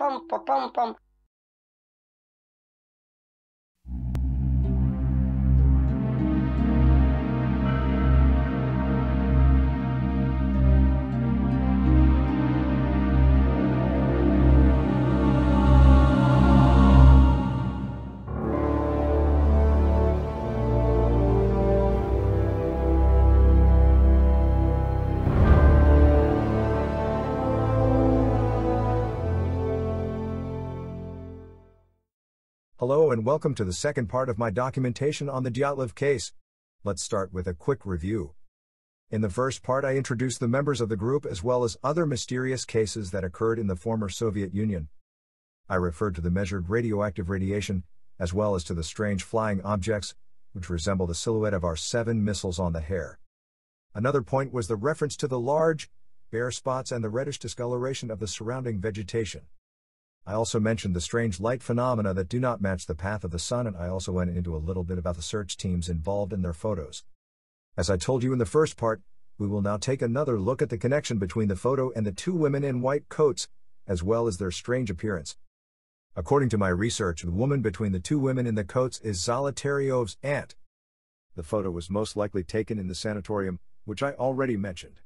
пам-па-пам-пам, Hello and welcome to the second part of my documentation on the Dyatlev case. Let's start with a quick review. In the first part, I introduced the members of the group as well as other mysterious cases that occurred in the former Soviet Union. I referred to the measured radioactive radiation, as well as to the strange flying objects, which resemble the silhouette of our seven missiles on the hair. Another point was the reference to the large, bare spots and the reddish discoloration of the surrounding vegetation. I also mentioned the strange light phenomena that do not match the path of the sun, and I also went into a little bit about the search teams involved in their photos. As I told you in the first part, we will now take another look at the connection between the photo and the two women in white coats, as well as their strange appearance. According to my research, the woman between the two women in the coats is Zolotaryov's aunt. The photo was most likely taken in the sanatorium, which I already mentioned.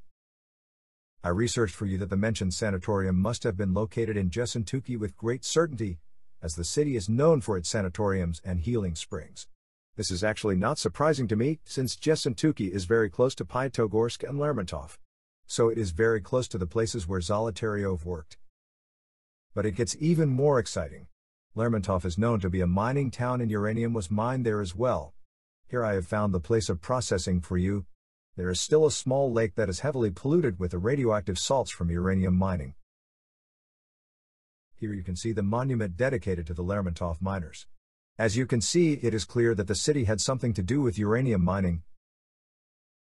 I researched for you that the mentioned sanatorium must have been located in Jesentuki with great certainty, as the city is known for its sanatoriums and healing springs. This is actually not surprising to me, since Jesentuki is very close to Pytogorsk and Lermontov. So it is very close to the places where Zolotaryov worked. But it gets even more exciting. Lermontov is known to be a mining town and uranium was mined there as well. Here I have found the place of processing for you, there is still a small lake that is heavily polluted with the radioactive salts from uranium mining. Here you can see the monument dedicated to the Lermontov miners. As you can see, it is clear that the city had something to do with uranium mining.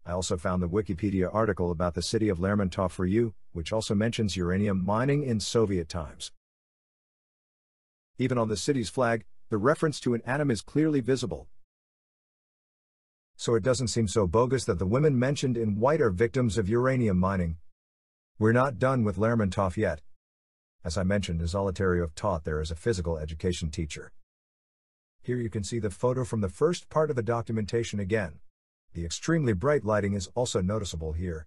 I also found the Wikipedia article about the city of Lermontov for you, which also mentions uranium mining in Soviet times. Even on the city's flag, the reference to an atom is clearly visible, so it doesn't seem so bogus that the women mentioned in white are victims of uranium mining. We're not done with Lermontov yet. As I mentioned, as Zolotaryov taught there as a physical education teacher. Here you can see the photo from the first part of the documentation again. The extremely bright lighting is also noticeable here.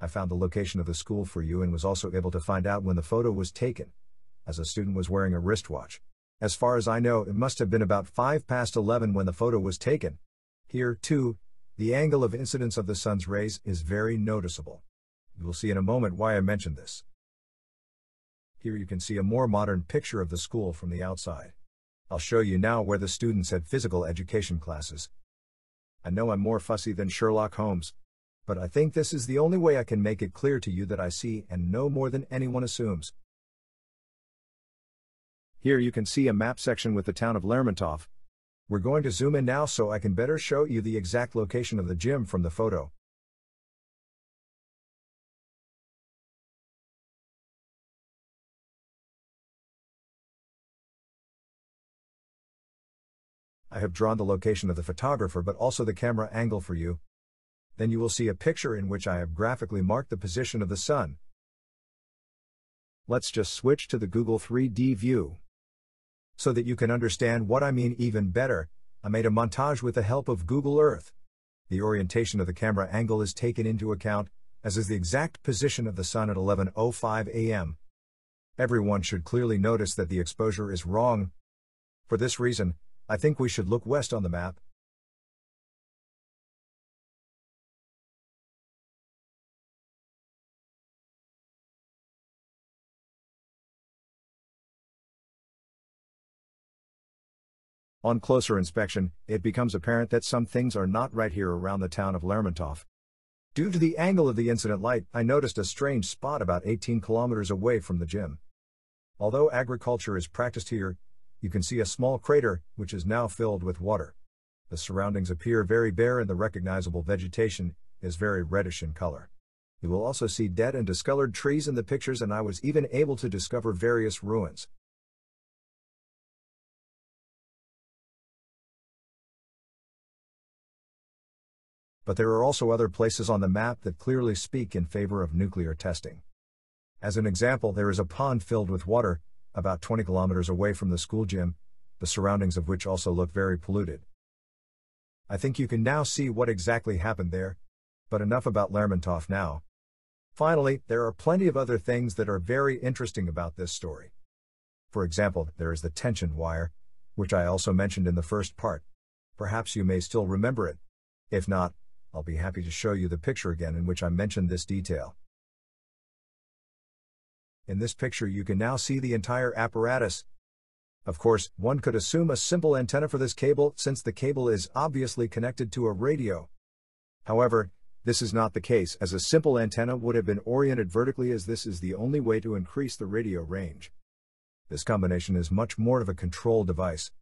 I found the location of the school for you and was also able to find out when the photo was taken, as a student was wearing a wristwatch. As far as I know, it must have been about 5 past 11 when the photo was taken. Here, too, the angle of incidence of the sun's rays is very noticeable. You will see in a moment why I mentioned this. Here you can see a more modern picture of the school from the outside. I'll show you now where the students had physical education classes. I know I'm more fussy than Sherlock Holmes, but I think this is the only way I can make it clear to you that I see and know more than anyone assumes. Here you can see a map section with the town of Lermontov, we're going to zoom in now so I can better show you the exact location of the gym from the photo. I have drawn the location of the photographer but also the camera angle for you. Then you will see a picture in which I have graphically marked the position of the sun. Let's just switch to the Google 3D view. So that you can understand what I mean even better, I made a montage with the help of Google Earth. The orientation of the camera angle is taken into account, as is the exact position of the sun at 11.05 am. Everyone should clearly notice that the exposure is wrong. For this reason, I think we should look west on the map, On closer inspection, it becomes apparent that some things are not right here around the town of Lermontov. Due to the angle of the incident light, I noticed a strange spot about 18 kilometers away from the gym. Although agriculture is practiced here, you can see a small crater, which is now filled with water. The surroundings appear very bare and the recognizable vegetation is very reddish in color. You will also see dead and discolored trees in the pictures, and I was even able to discover various ruins. but there are also other places on the map that clearly speak in favor of nuclear testing. As an example, there is a pond filled with water, about 20 kilometers away from the school gym, the surroundings of which also look very polluted. I think you can now see what exactly happened there, but enough about Lermontov now. Finally, there are plenty of other things that are very interesting about this story. For example, there is the tension wire, which I also mentioned in the first part. Perhaps you may still remember it. If not, I'll be happy to show you the picture again in which I mentioned this detail. In this picture you can now see the entire apparatus. Of course, one could assume a simple antenna for this cable since the cable is obviously connected to a radio. However, this is not the case as a simple antenna would have been oriented vertically as this is the only way to increase the radio range. This combination is much more of a control device,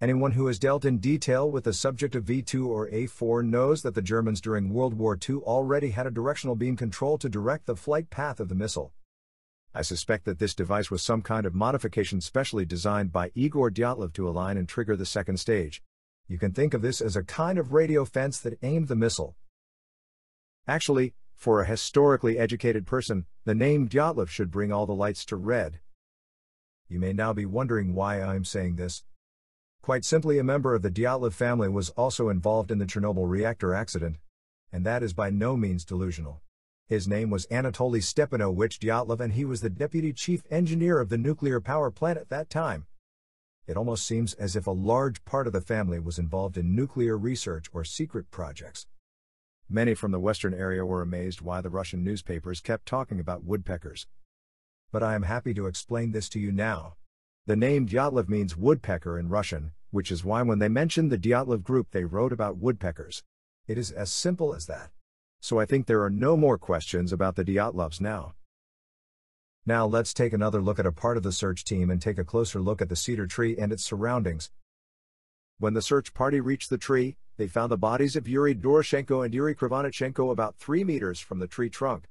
Anyone who has dealt in detail with the subject of V2 or A4 knows that the Germans during World War II already had a directional beam control to direct the flight path of the missile. I suspect that this device was some kind of modification specially designed by Igor Dyatlov to align and trigger the second stage. You can think of this as a kind of radio fence that aimed the missile. Actually, for a historically educated person, the name Dyatlov should bring all the lights to red. You may now be wondering why I'm saying this, Quite simply, a member of the Dyatlov family was also involved in the Chernobyl reactor accident. And that is by no means delusional. His name was Anatoly Stepanovich Dyatlov, and he was the deputy chief engineer of the nuclear power plant at that time. It almost seems as if a large part of the family was involved in nuclear research or secret projects. Many from the Western area were amazed why the Russian newspapers kept talking about woodpeckers. But I am happy to explain this to you now. The name Dyatlov means woodpecker in Russian, which is why when they mentioned the Dyatlov group they wrote about woodpeckers. It is as simple as that. So I think there are no more questions about the Dyatlovs now. Now let's take another look at a part of the search team and take a closer look at the cedar tree and its surroundings. When the search party reached the tree, they found the bodies of Yuri Doroshenko and Yuri Krivonichenko about 3 meters from the tree trunk.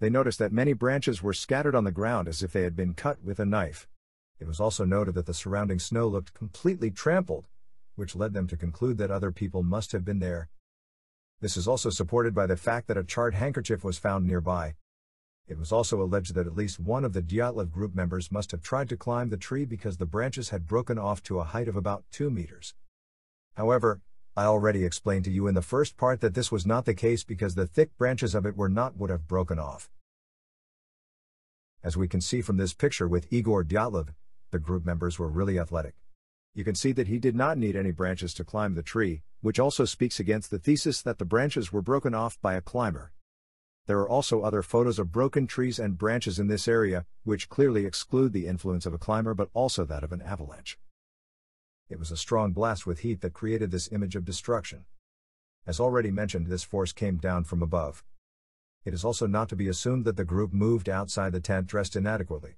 They noticed that many branches were scattered on the ground as if they had been cut with a knife. It was also noted that the surrounding snow looked completely trampled, which led them to conclude that other people must have been there. This is also supported by the fact that a charred handkerchief was found nearby. It was also alleged that at least one of the Dyatlov group members must have tried to climb the tree because the branches had broken off to a height of about 2 meters. However, I already explained to you in the first part that this was not the case because the thick branches of it were not would have broken off. As we can see from this picture with Igor Dyatlov the group members were really athletic. You can see that he did not need any branches to climb the tree, which also speaks against the thesis that the branches were broken off by a climber. There are also other photos of broken trees and branches in this area, which clearly exclude the influence of a climber but also that of an avalanche. It was a strong blast with heat that created this image of destruction. As already mentioned, this force came down from above. It is also not to be assumed that the group moved outside the tent dressed inadequately.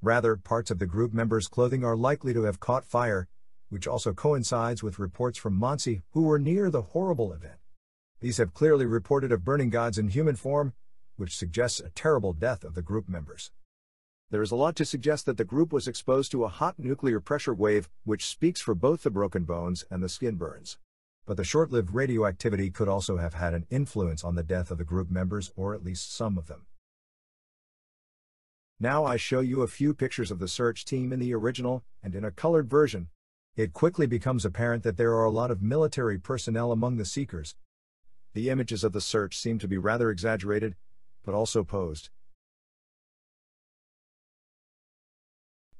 Rather, parts of the group members' clothing are likely to have caught fire, which also coincides with reports from Monsi who were near the horrible event. These have clearly reported of burning gods in human form, which suggests a terrible death of the group members. There is a lot to suggest that the group was exposed to a hot nuclear pressure wave, which speaks for both the broken bones and the skin burns. But the short lived radioactivity could also have had an influence on the death of the group members, or at least some of them. Now I show you a few pictures of the search team in the original and in a colored version. It quickly becomes apparent that there are a lot of military personnel among the seekers. The images of the search seem to be rather exaggerated, but also posed.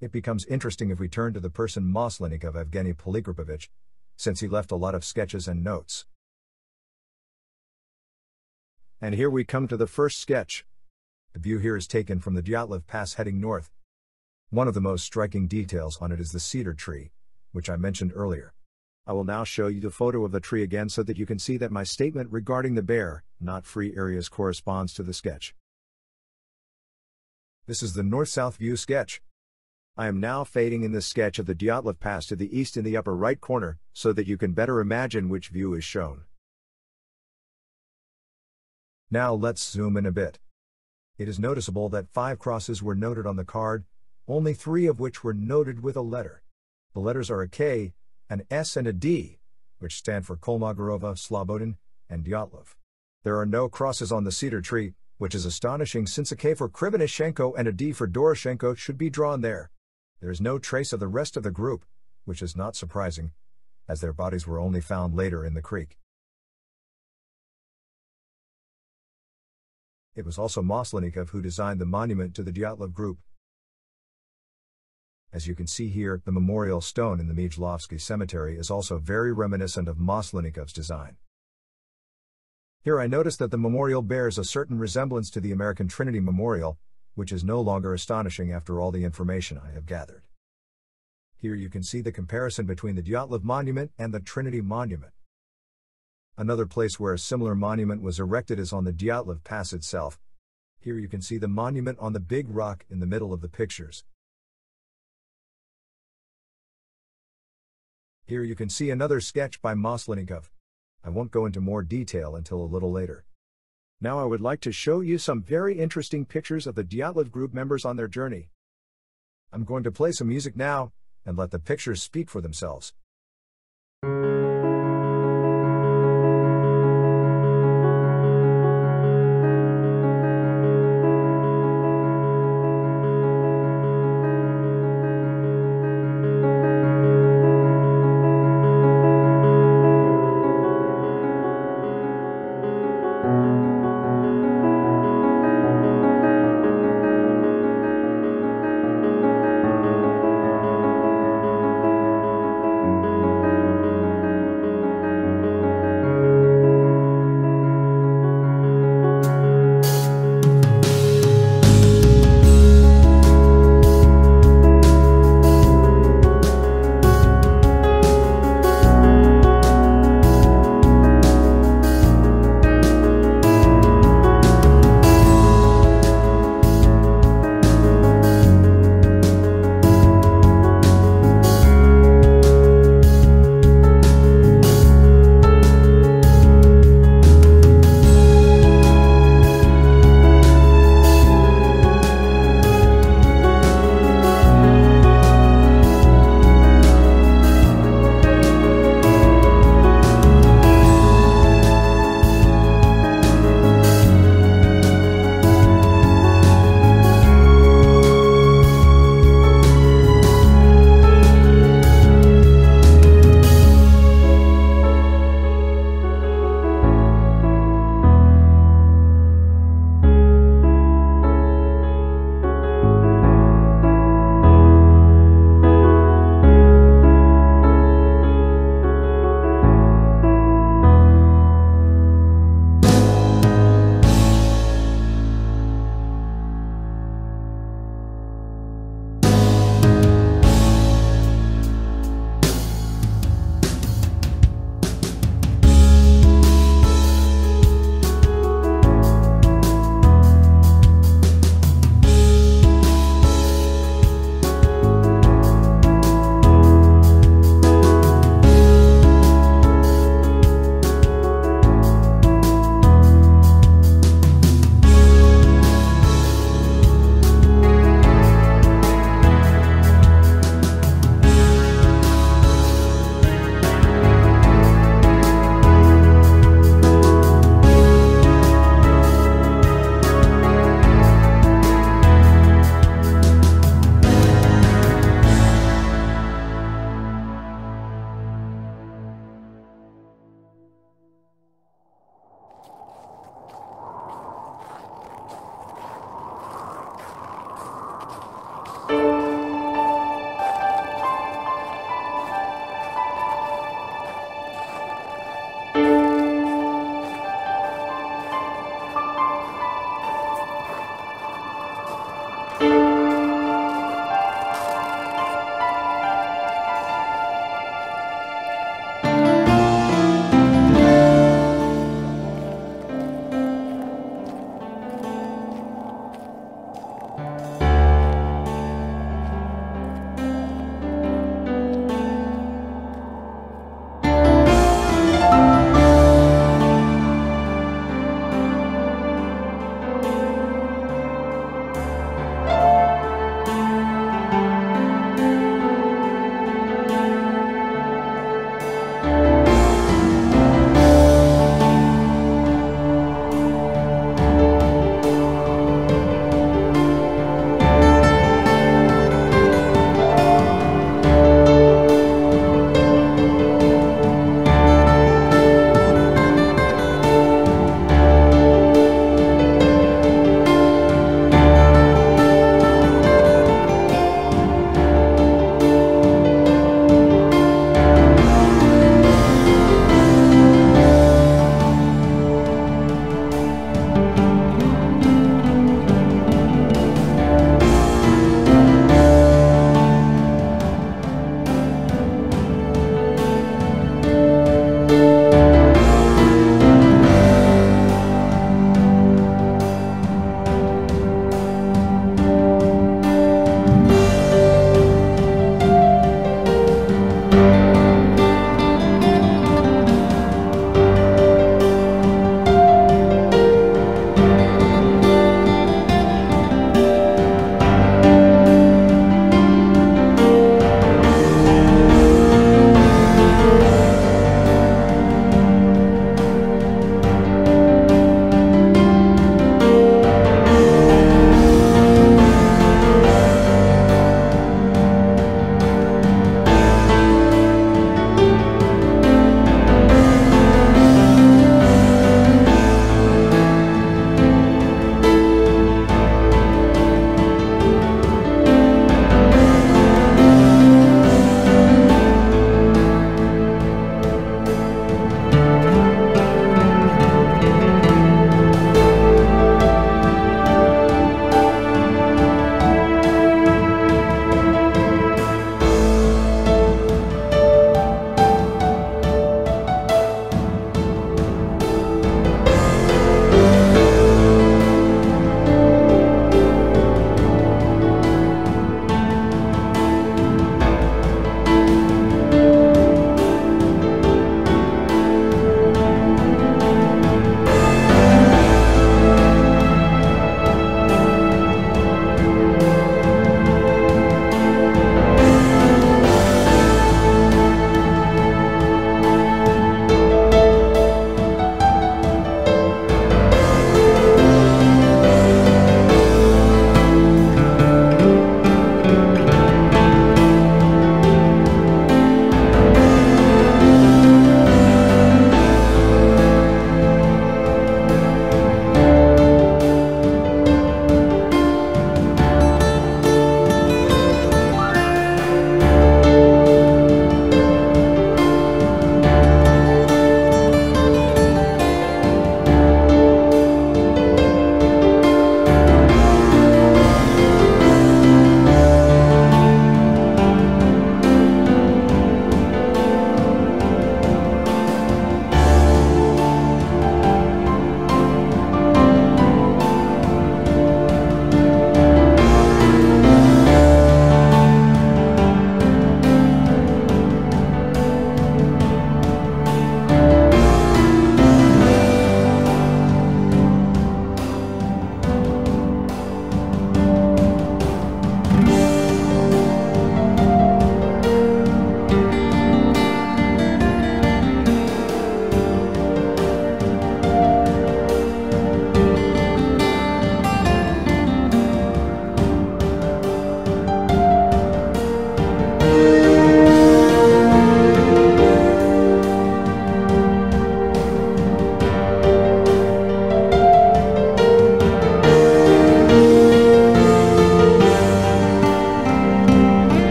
It becomes interesting if we turn to the person Moslenik Evgeny Polikrapovich, since he left a lot of sketches and notes. And here we come to the first sketch. The view here is taken from the Dyatlev Pass heading north. One of the most striking details on it is the cedar tree, which I mentioned earlier. I will now show you the photo of the tree again so that you can see that my statement regarding the bare, not free areas corresponds to the sketch. This is the north-south view sketch. I am now fading in the sketch of the Dyatlev Pass to the east in the upper right corner, so that you can better imagine which view is shown. Now let's zoom in a bit. It is noticeable that five crosses were noted on the card, only three of which were noted with a letter. The letters are a K, an S, and a D, which stand for Kolmogorova, Slobodin, and Dyatlov. There are no crosses on the cedar tree, which is astonishing since a K for Krivonishenko and a D for Doroshenko should be drawn there. There is no trace of the rest of the group, which is not surprising, as their bodies were only found later in the creek. It was also Moslenikov who designed the monument to the Dyatlov group. As you can see here, the memorial stone in the Mijlovsky Cemetery is also very reminiscent of Moslenikov's design. Here I notice that the memorial bears a certain resemblance to the American Trinity Memorial, which is no longer astonishing after all the information I have gathered. Here you can see the comparison between the Dyatlov Monument and the Trinity Monument. Another place where a similar monument was erected is on the Dyatlov Pass itself. Here you can see the monument on the big rock in the middle of the pictures. Here you can see another sketch by Moslenikov. I won't go into more detail until a little later. Now I would like to show you some very interesting pictures of the Dyatlov group members on their journey. I'm going to play some music now, and let the pictures speak for themselves.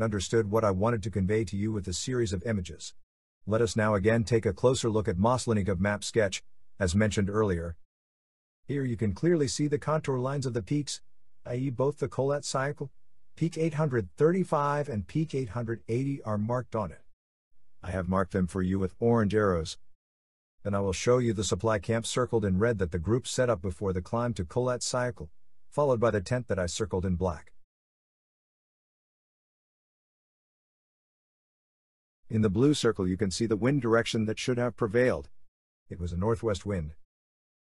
and understood what I wanted to convey to you with this series of images. Let us now again take a closer look at Moslinikov map sketch, as mentioned earlier. Here you can clearly see the contour lines of the peaks, i.e. both the Kolat cycle, peak 835 and peak 880 are marked on it. I have marked them for you with orange arrows. Then I will show you the supply camp circled in red that the group set up before the climb to Kolat cycle, followed by the tent that I circled in black. In the blue circle, you can see the wind direction that should have prevailed. It was a northwest wind.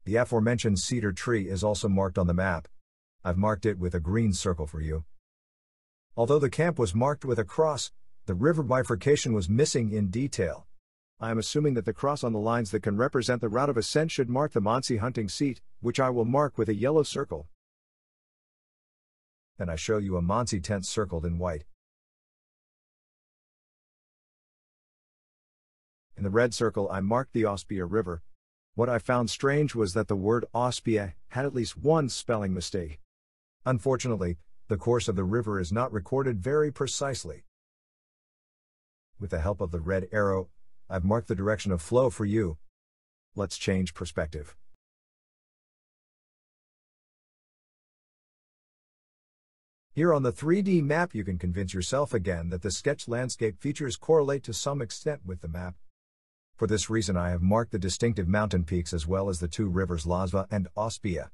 The aforementioned cedar tree is also marked on the map. I've marked it with a green circle for you. Although the camp was marked with a cross, the river bifurcation was missing in detail. I am assuming that the cross on the lines that can represent the route of ascent should mark the Monsi hunting seat, which I will mark with a yellow circle. And I show you a Monsi tent circled in white. In the red circle, I marked the Ospia River. What I found strange was that the word Ospia had at least one spelling mistake. Unfortunately, the course of the river is not recorded very precisely. With the help of the red arrow, I've marked the direction of flow for you. Let's change perspective. Here on the 3D map, you can convince yourself again that the sketch landscape features correlate to some extent with the map, for this reason I have marked the distinctive mountain peaks as well as the two rivers Lazva and Ospia.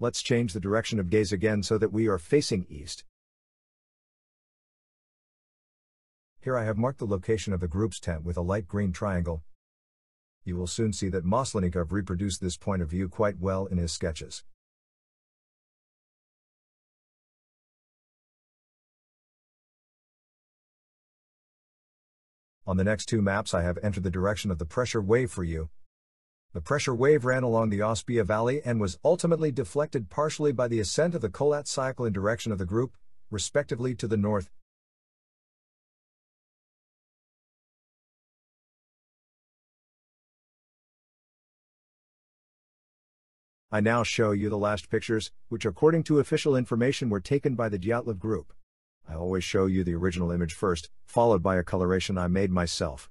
Let's change the direction of gaze again so that we are facing east, Here I have marked the location of the group's tent with a light green triangle. You will soon see that Moslenikov reproduced this point of view quite well in his sketches. On the next two maps I have entered the direction of the pressure wave for you. The pressure wave ran along the Ospia Valley and was ultimately deflected partially by the ascent of the Kolat cycle in direction of the group, respectively to the north, I now show you the last pictures, which according to official information were taken by the Dyatlov group. I always show you the original image first, followed by a coloration I made myself.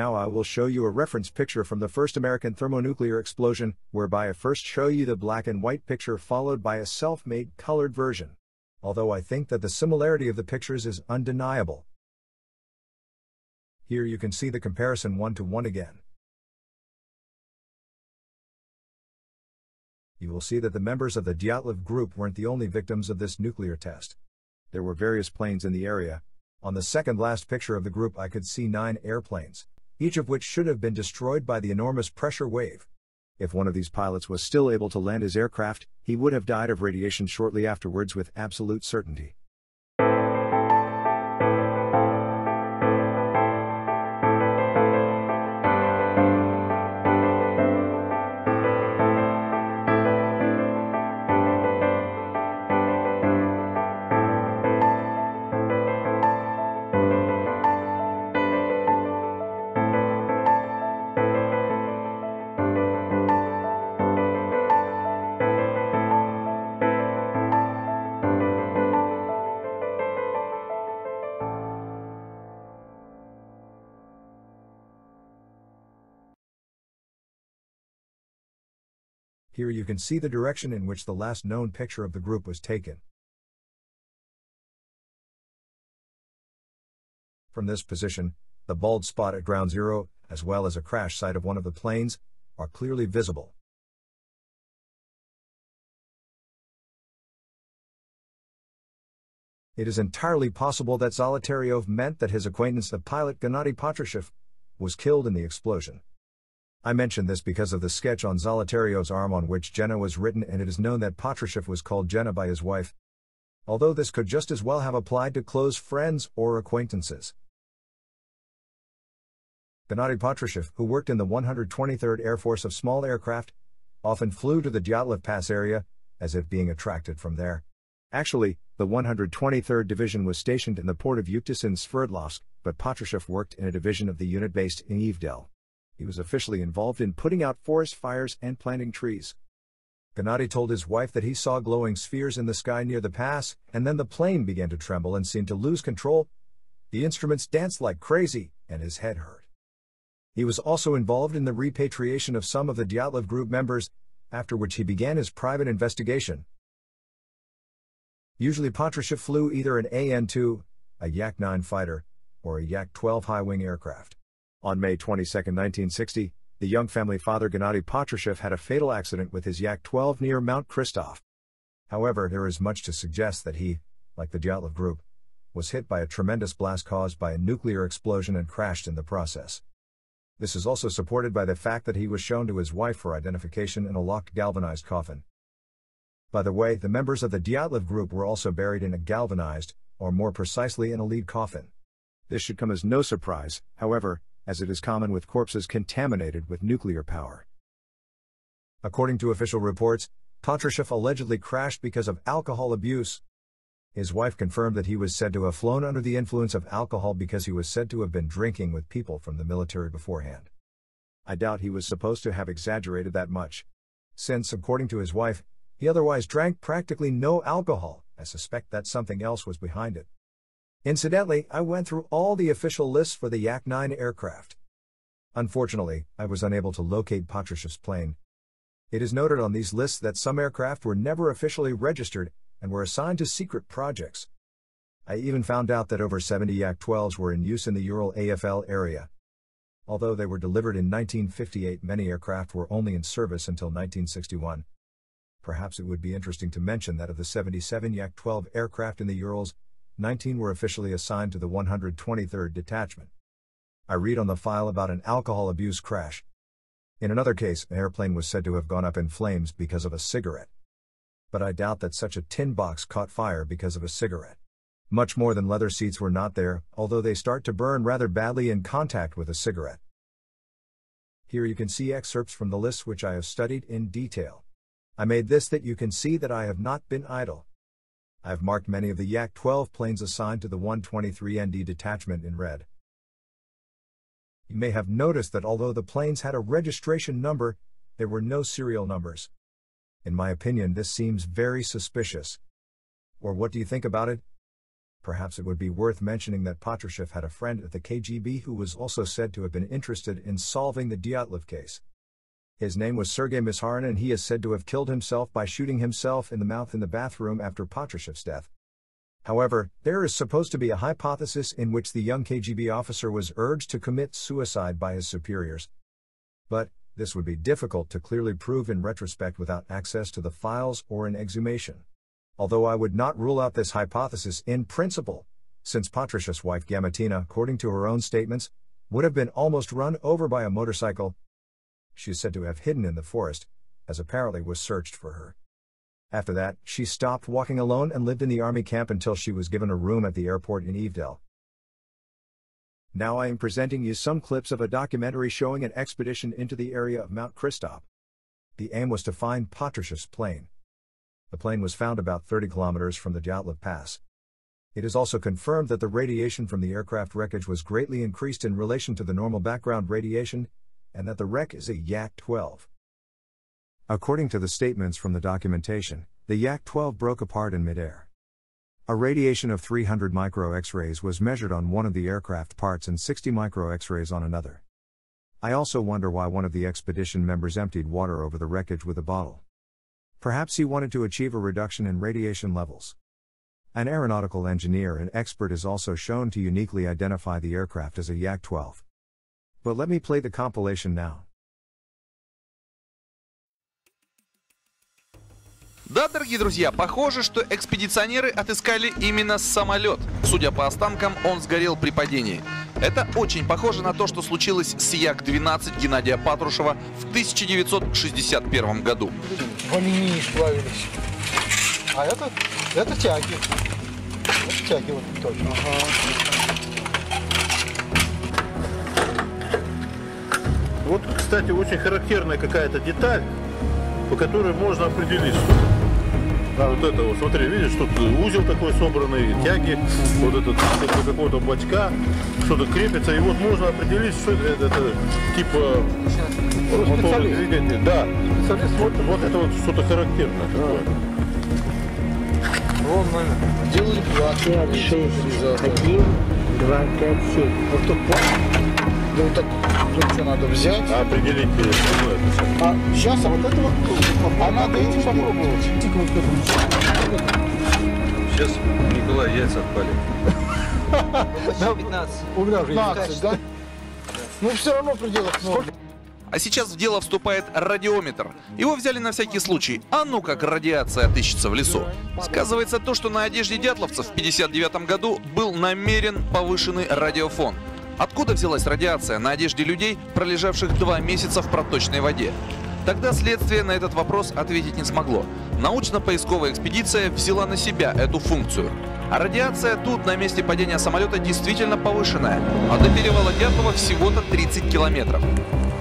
Now I will show you a reference picture from the first American thermonuclear explosion, whereby I first show you the black and white picture followed by a self-made colored version. Although I think that the similarity of the pictures is undeniable. Here you can see the comparison one to one again. You will see that the members of the Dyatlov group weren't the only victims of this nuclear test. There were various planes in the area. On the second last picture of the group I could see nine airplanes, each of which should have been destroyed by the enormous pressure wave. If one of these pilots was still able to land his aircraft, he would have died of radiation shortly afterwards with absolute certainty. can see the direction in which the last known picture of the group was taken. From this position, the bald spot at ground zero, as well as a crash site of one of the planes, are clearly visible. It is entirely possible that Zolotaryov meant that his acquaintance the pilot Gennady Patrushev was killed in the explosion. I mention this because of the sketch on Zolotario's arm on which Jenna was written, and it is known that Patrushev was called Jenna by his wife. Although this could just as well have applied to close friends or acquaintances. Gennady Patrushev, who worked in the 123rd Air Force of small aircraft, often flew to the Dyatlov Pass area, as if being attracted from there. Actually, the 123rd Division was stationed in the port of Uktis in Sverdlovsk, but Patrushev worked in a division of the unit based in Evdel he was officially involved in putting out forest fires and planting trees. Gennady told his wife that he saw glowing spheres in the sky near the pass, and then the plane began to tremble and seemed to lose control. The instruments danced like crazy, and his head hurt. He was also involved in the repatriation of some of the Dyatlov group members, after which he began his private investigation. Usually Patrushev flew either an AN-2, a Yak-9 fighter, or a Yak-12 high-wing aircraft. On May 22, 1960, the young family father Gennady Patrushev had a fatal accident with his Yak 12 near Mount Kristoff. However, there is much to suggest that he, like the Dyatlov group, was hit by a tremendous blast caused by a nuclear explosion and crashed in the process. This is also supported by the fact that he was shown to his wife for identification in a locked galvanized coffin. By the way, the members of the Dyatlov group were also buried in a galvanized, or more precisely in a lead coffin. This should come as no surprise, however, as it is common with corpses contaminated with nuclear power. According to official reports, Kontrashev allegedly crashed because of alcohol abuse. His wife confirmed that he was said to have flown under the influence of alcohol because he was said to have been drinking with people from the military beforehand. I doubt he was supposed to have exaggerated that much. Since, according to his wife, he otherwise drank practically no alcohol, I suspect that something else was behind it. Incidentally, I went through all the official lists for the Yak 9 aircraft. Unfortunately, I was unable to locate Patrushev's plane. It is noted on these lists that some aircraft were never officially registered and were assigned to secret projects. I even found out that over 70 Yak 12s were in use in the Ural AFL area. Although they were delivered in 1958, many aircraft were only in service until 1961. Perhaps it would be interesting to mention that of the 77 Yak 12 aircraft in the Urals, 19 were officially assigned to the 123rd Detachment. I read on the file about an alcohol abuse crash. In another case, an airplane was said to have gone up in flames because of a cigarette. But I doubt that such a tin box caught fire because of a cigarette. Much more than leather seats were not there, although they start to burn rather badly in contact with a cigarette. Here you can see excerpts from the lists which I have studied in detail. I made this that you can see that I have not been idle. I have marked many of the Yak 12 planes assigned to the 123ND detachment in red. You may have noticed that although the planes had a registration number, there were no serial numbers. In my opinion, this seems very suspicious. Or what do you think about it? Perhaps it would be worth mentioning that Patrushev had a friend at the KGB who was also said to have been interested in solving the Dyatlov case. His name was Sergei Misharin and he is said to have killed himself by shooting himself in the mouth in the bathroom after Patrashev's death. However, there is supposed to be a hypothesis in which the young KGB officer was urged to commit suicide by his superiors. But, this would be difficult to clearly prove in retrospect without access to the files or an exhumation. Although I would not rule out this hypothesis in principle, since Patricia's wife Gamatina, according to her own statements, would have been almost run over by a motorcycle, she is said to have hidden in the forest, as apparently was searched for her. After that, she stopped walking alone and lived in the army camp until she was given a room at the airport in Evedale. Now I am presenting you some clips of a documentary showing an expedition into the area of Mount Kristop. The aim was to find Patricius plane. The plane was found about 30 kilometers from the Dyatlov Pass. It is also confirmed that the radiation from the aircraft wreckage was greatly increased in relation to the normal background radiation, and that the wreck is a Yak 12. According to the statements from the documentation, the Yak 12 broke apart in midair. A radiation of 300 micro X rays was measured on one of the aircraft parts and 60 micro X rays on another. I also wonder why one of the expedition members emptied water over the wreckage with a bottle. Perhaps he wanted to achieve a reduction in radiation levels. An aeronautical engineer and expert is also shown to uniquely identify the aircraft as a Yak 12. But let me play the compilation now. Да, дорогие друзья, похоже, что экспедиционеры отыскали именно самолет. Судя по останкам, он сгорел при падении. Это очень похоже на то, что случилось с Як-12 Геннадия Патрушева в 1961 году. В алюминии сплавились. А это, это тяги. Это тяги вот точно. Ага. Вот, кстати, очень характерная какая-то деталь, по которой можно определить, что да, вот это вот, смотри, видишь, тут узел такой собранный, тяги, вот этот какой то бачка, что-то крепится, и вот можно определить, что это, это типа мотор двигатель. Да, вот, вот это вот что-то характерное такое. Ровно. Делали 20, 6, 1 два, пять, семь. Вот тут вот так, тут что надо взять. Определить перед собой. А сейчас, а вот это вот, ну, типа, а надо этим попробовать. Сейчас, Николай, яйца отпали. 15. У меня 15, да? Ну, все равно в пределах нормы. А сейчас в дело вступает радиометр. Его взяли на всякий случай. А ну как радиация отыщется в лесу. Сказывается то, что на одежде дятловцев в 59 году был намерен повышенный радиофон. Откуда взялась радиация на одежде людей, пролежавших два месяца в проточной воде? Тогда следствие на этот вопрос ответить не смогло. Научно-поисковая экспедиция взяла на себя эту функцию. А радиация тут, на месте падения самолета, действительно повышенная, а до перевала Дятлова всего-то 30 километров.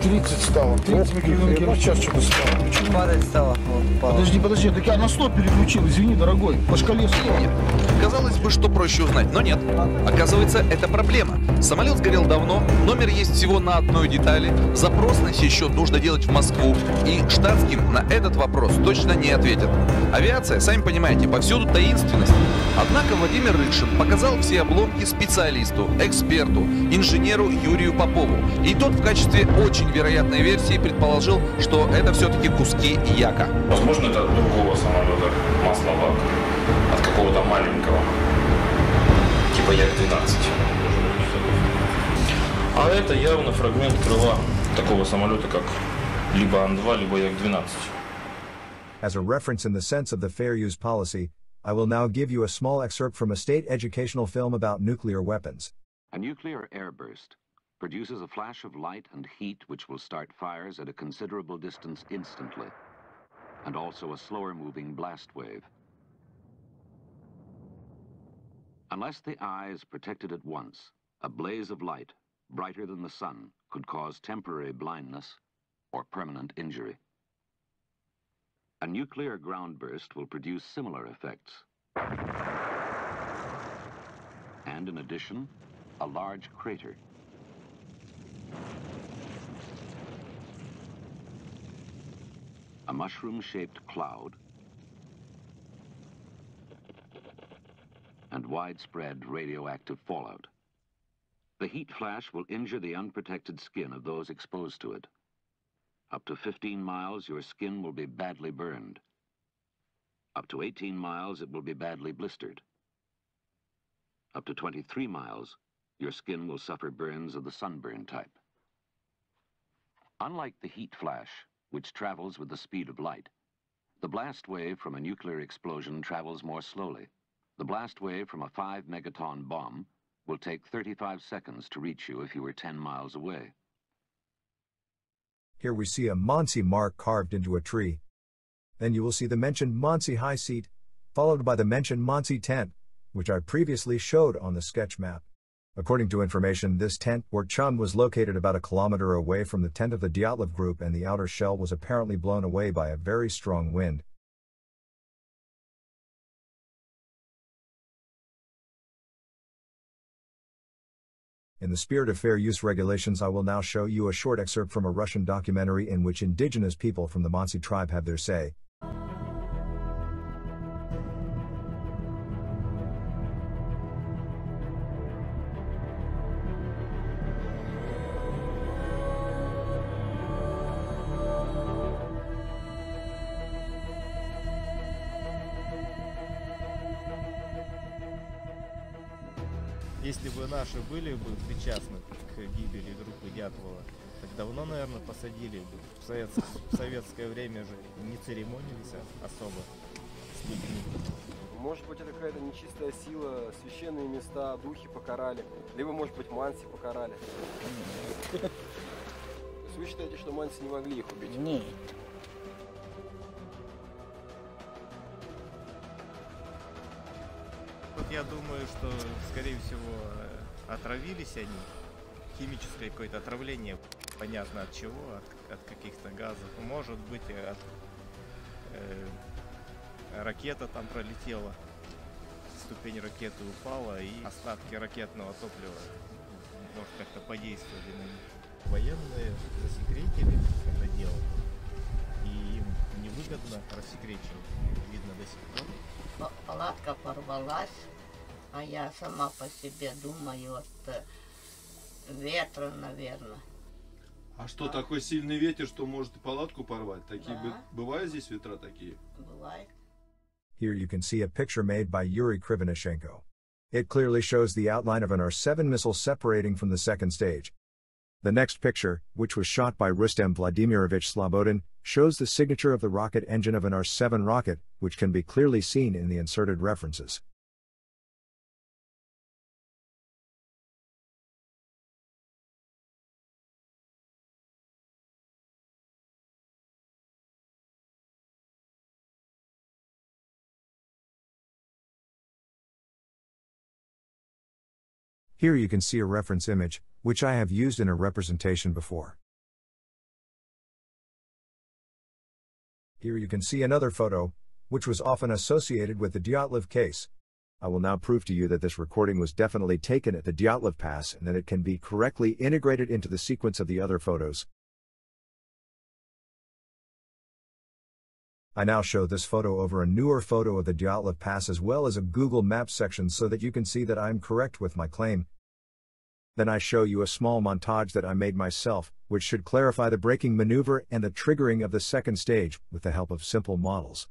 30 стало. 30 микрограмм. Сейчас что-то стало. Почему? Падать стало. Вот, подожди, подожди. Так я на 100 переключил. Извини, дорогой. По шкале 100. Казалось бы, что проще узнать, но нет. Оказывается, это проблема. Самолет сгорел давно, номер есть всего на одной детали, запрос на сей счет нужно делать в Москву, и штатским на этот вопрос точно не ответят. Авиация, сами понимаете, повсюду таинственность. Однако Владимир Рыкшин показал все обломки специалисту, эксперту, инженеру Юрию Попову, и тот в качестве очень очень вероятной версии предположил, что это все-таки куски яка. Возможно, это от другого самолета масловак, от какого-то маленького, типа Як-12. А это явно фрагмент крыла такого самолета, как либо Ан-2, либо Як-12. As a reference in the sense of the fair use policy, I will now give you a small excerpt from a state educational film about nuclear weapons. A nuclear airburst produces a flash of light and heat which will start fires at a considerable distance instantly, and also a slower moving blast wave. Unless the eye is protected at once, a blaze of light, brighter than the sun, could cause temporary blindness or permanent injury. A nuclear ground burst will produce similar effects. And in addition, a large crater a mushroom-shaped cloud and widespread radioactive fallout. The heat flash will injure the unprotected skin of those exposed to it. Up to 15 miles, your skin will be badly burned. Up to 18 miles, it will be badly blistered. Up to 23 miles, your skin will suffer burns of the sunburn type. Unlike the heat flash, which travels with the speed of light, the blast wave from a nuclear explosion travels more slowly. The blast wave from a 5 megaton bomb will take 35 seconds to reach you if you were 10 miles away. Here we see a Monsi mark carved into a tree. Then you will see the mentioned Monsi high seat, followed by the mentioned Monsi tent, which I previously showed on the sketch map. According to information, this tent, or chum, was located about a kilometer away from the tent of the Dyatlov group and the outer shell was apparently blown away by a very strong wind. In the spirit of fair use regulations I will now show you a short excerpt from a Russian documentary in which indigenous people from the Monsi tribe have their say, наши были бы причастны к гибели группы Дятлова, так давно, наверное, посадили бы. В, совет... в советское время же не церемонились особо Может быть, это какая-то нечистая сила, священные места, духи покарали, либо, может быть, манси покарали. вы считаете, что манси не могли их убить? Нет. я думаю, что, скорее всего, Отравились они. Химическое какое-то отравление. Понятно от чего, от, от каких-то газов. Может быть от... Э, ракета там пролетела. Ступень ракеты упала и остатки ракетного топлива может как-то подействовали на них. Военные засекретили это дело. И им невыгодно рассекречивать. Видно до сих пор. Палатка порвалась. А я сама по себе думаю от э, ветра, наверное. А что, а. такой сильный ветер, что может палатку порвать? Такие да. бывают здесь ветра такие? Бывает. Here you can see a picture made by Yuri Krivonishenko. It clearly shows the outline of an R-7 missile separating from the second stage. The next picture, which was shot by Rustem Vladimirovich Slobodin, shows the signature of the rocket engine of an R-7 rocket, which can be clearly seen in the inserted references. Here you can see a reference image, which I have used in a representation before. Here you can see another photo, which was often associated with the Dyatlov case. I will now prove to you that this recording was definitely taken at the Dyatlov Pass and that it can be correctly integrated into the sequence of the other photos. I now show this photo over a newer photo of the Dyatlov Pass as well as a Google Maps section so that you can see that I am correct with my claim. Then I show you a small montage that I made myself, which should clarify the braking maneuver and the triggering of the second stage with the help of simple models.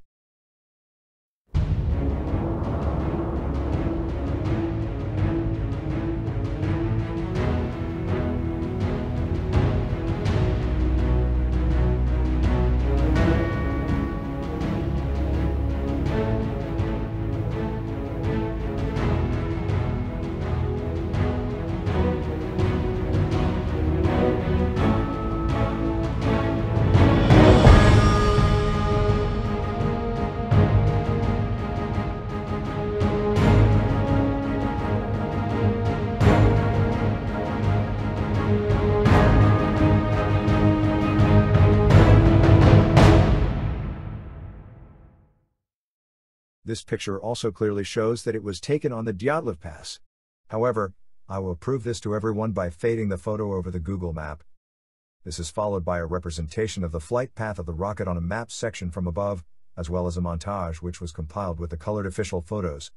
This picture also clearly shows that it was taken on the Dyatlov Pass. However, I will prove this to everyone by fading the photo over the Google map. This is followed by a representation of the flight path of the rocket on a map section from above, as well as a montage which was compiled with the colored official photos,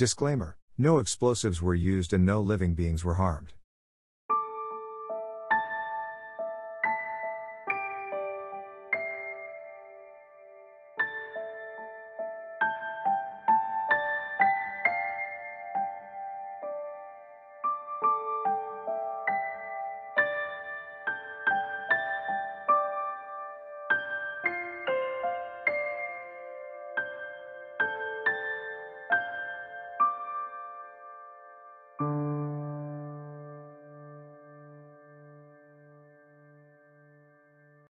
Disclaimer No explosives were used and no living beings were harmed.